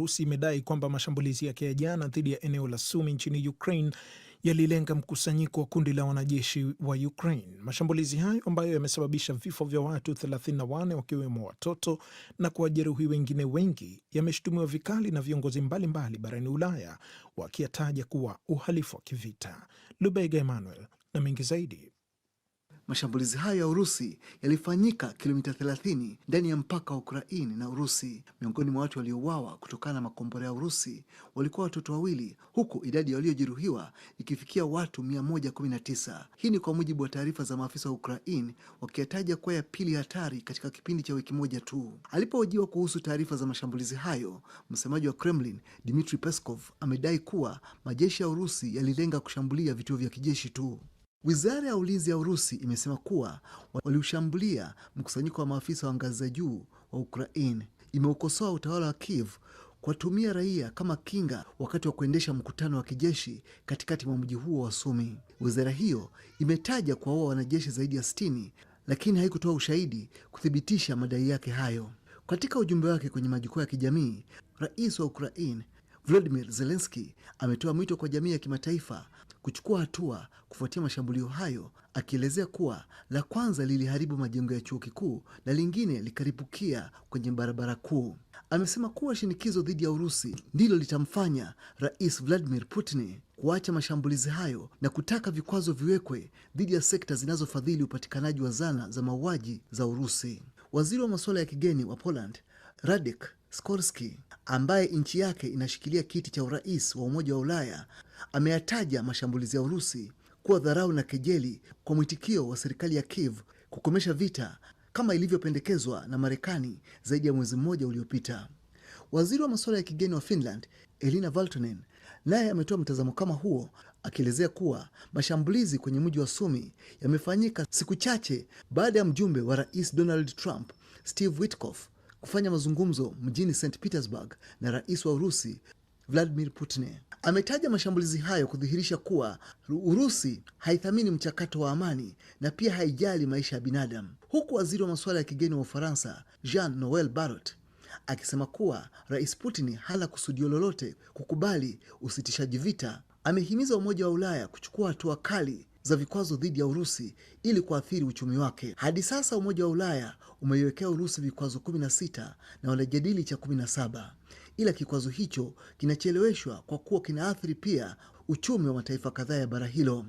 Urusi imedai kwamba mashambulizi yake ya jana dhidi ya eneo la Sumi nchini Ukraine yalilenga mkusanyiko wa kundi la wanajeshi wa Ukraine. Mashambulizi hayo ambayo yamesababisha vifo vya watu 34 wakiwemo watoto na kuwajeruhi wengine wengi, yameshutumiwa vikali na viongozi mbalimbali barani Ulaya wakiyataja kuwa uhalifu wa kivita. Lubega Emmanuel na mengi zaidi. Mashambulizi hayo ya Urusi yalifanyika kilomita 30 ndani ya mpaka wa Ukraini na Urusi. Miongoni mwa watu waliouawa kutokana na makombora ya Urusi walikuwa watoto wawili, huku idadi ya waliojeruhiwa ikifikia watu 119. Hii ni kwa mujibu wa taarifa za maafisa wa Ukraini, wakiyataja kuwa ya pili hatari katika kipindi cha wiki moja tu. Alipohojiwa kuhusu taarifa za mashambulizi hayo, msemaji wa Kremlin Dmitri Peskov amedai kuwa majeshi ya Urusi yalilenga kushambulia vituo vya kijeshi tu. Wizara ya ulinzi ya Urusi imesema kuwa waliushambulia mkusanyiko wa maafisa wa ngazi za juu wa Ukraine. Imeukosoa utawala wa Kiev kuwatumia raia kama kinga wakati wa kuendesha mkutano wa kijeshi katikati mwa mji huo wa Sumi. Wizara hiyo imetaja kuwaua wanajeshi zaidi ya 60 lakini haikutoa ushahidi kuthibitisha madai yake hayo. Katika ujumbe wake kwenye majukwaa ya kijamii, rais wa Ukraine Vladimir Zelenski ametoa mwito kwa jamii ya kimataifa kuchukua hatua kufuatia mashambulio hayo, akielezea kuwa la kwanza liliharibu majengo ya chuo kikuu na lingine likaripukia kwenye barabara kuu. Amesema kuwa shinikizo dhidi ya Urusi ndilo litamfanya Rais Vladimir Putin kuacha mashambulizi hayo na kutaka vikwazo viwekwe dhidi ya sekta zinazofadhili upatikanaji wa zana za mauaji za Urusi. Waziri wa masuala ya kigeni wa Poland Radek Skorski ambaye nchi yake inashikilia kiti cha urais wa Umoja wa Ulaya ameyataja mashambulizi ya Urusi kuwa dharau na kejeli kwa mwitikio wa serikali ya Kiev kukomesha vita kama ilivyopendekezwa na Marekani zaidi ya mwezi mmoja uliopita. Waziri wa masuala ya kigeni wa Finland Elina Valtonen naye ametoa mtazamo kama huo, akielezea kuwa mashambulizi kwenye mji wa Sumi yamefanyika siku chache baada ya mjumbe wa rais Donald Trump Steve Witkoff kufanya mazungumzo mjini St Petersburg na rais wa Urusi Vladimir Putin. Ametaja mashambulizi hayo kudhihirisha kuwa Urusi haithamini mchakato wa amani na pia haijali maisha ya binadamu, huku waziri wa masuala ya kigeni wa Ufaransa Jean Noel Barrot akisema kuwa Rais Putin hana kusudio lolote kukubali usitishaji vita. Amehimiza Umoja wa Ulaya kuchukua hatua kali za vikwazo dhidi ya Urusi ili kuathiri uchumi wake. Hadi sasa Umoja wa Ulaya umeiwekea Urusi vikwazo 16 na wanajadili cha 17, ila kikwazo hicho kinacheleweshwa kwa kuwa kinaathiri pia uchumi wa mataifa kadhaa ya bara hilo.